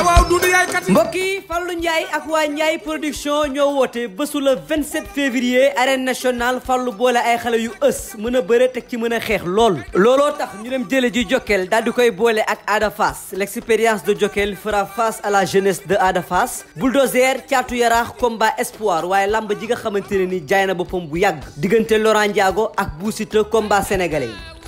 Ah, waaw Doudou Yaay mbokk yi Fallou Ndiaye ak waa Ndiaye production ñoo woote bésu le 27 février arène nationale Fallou boole ay xale yu ës mën a bëre teg ci mën a xeex lool looloo tax ñu dem jële ji Jokkel daal di koy boole ak adafas Fass l'expérience de Jokkel fera face à la jeunesse de Ada Fass bulldozer caatu yaraax combat espoir waaye làmb ji nga xamante ne ni jaay na boppam bu yàgg diggante Laurent Ndiago ak Bou Siteu combat yi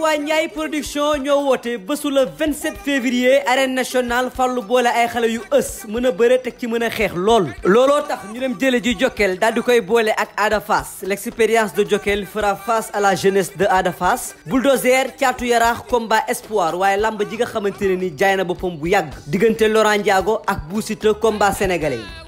waa Ndiaye production ñoo woote bésu le 27 février arène nationale fàllu boole ay xale yu ës mën a bëre teg ci mën a xeex lool looloo tax ñu dem jële ji Jokal daal di koy boole ak Ada Fass l'expérience de Jokal fera face à la jeunesse de Ada Fass bulldozer caatu yaraax combat espoir waaye lamb ji nga xamante ne ni jaay na boppam bu yàgg diggante Laurent Ndiago ak Bou Siteu combat yi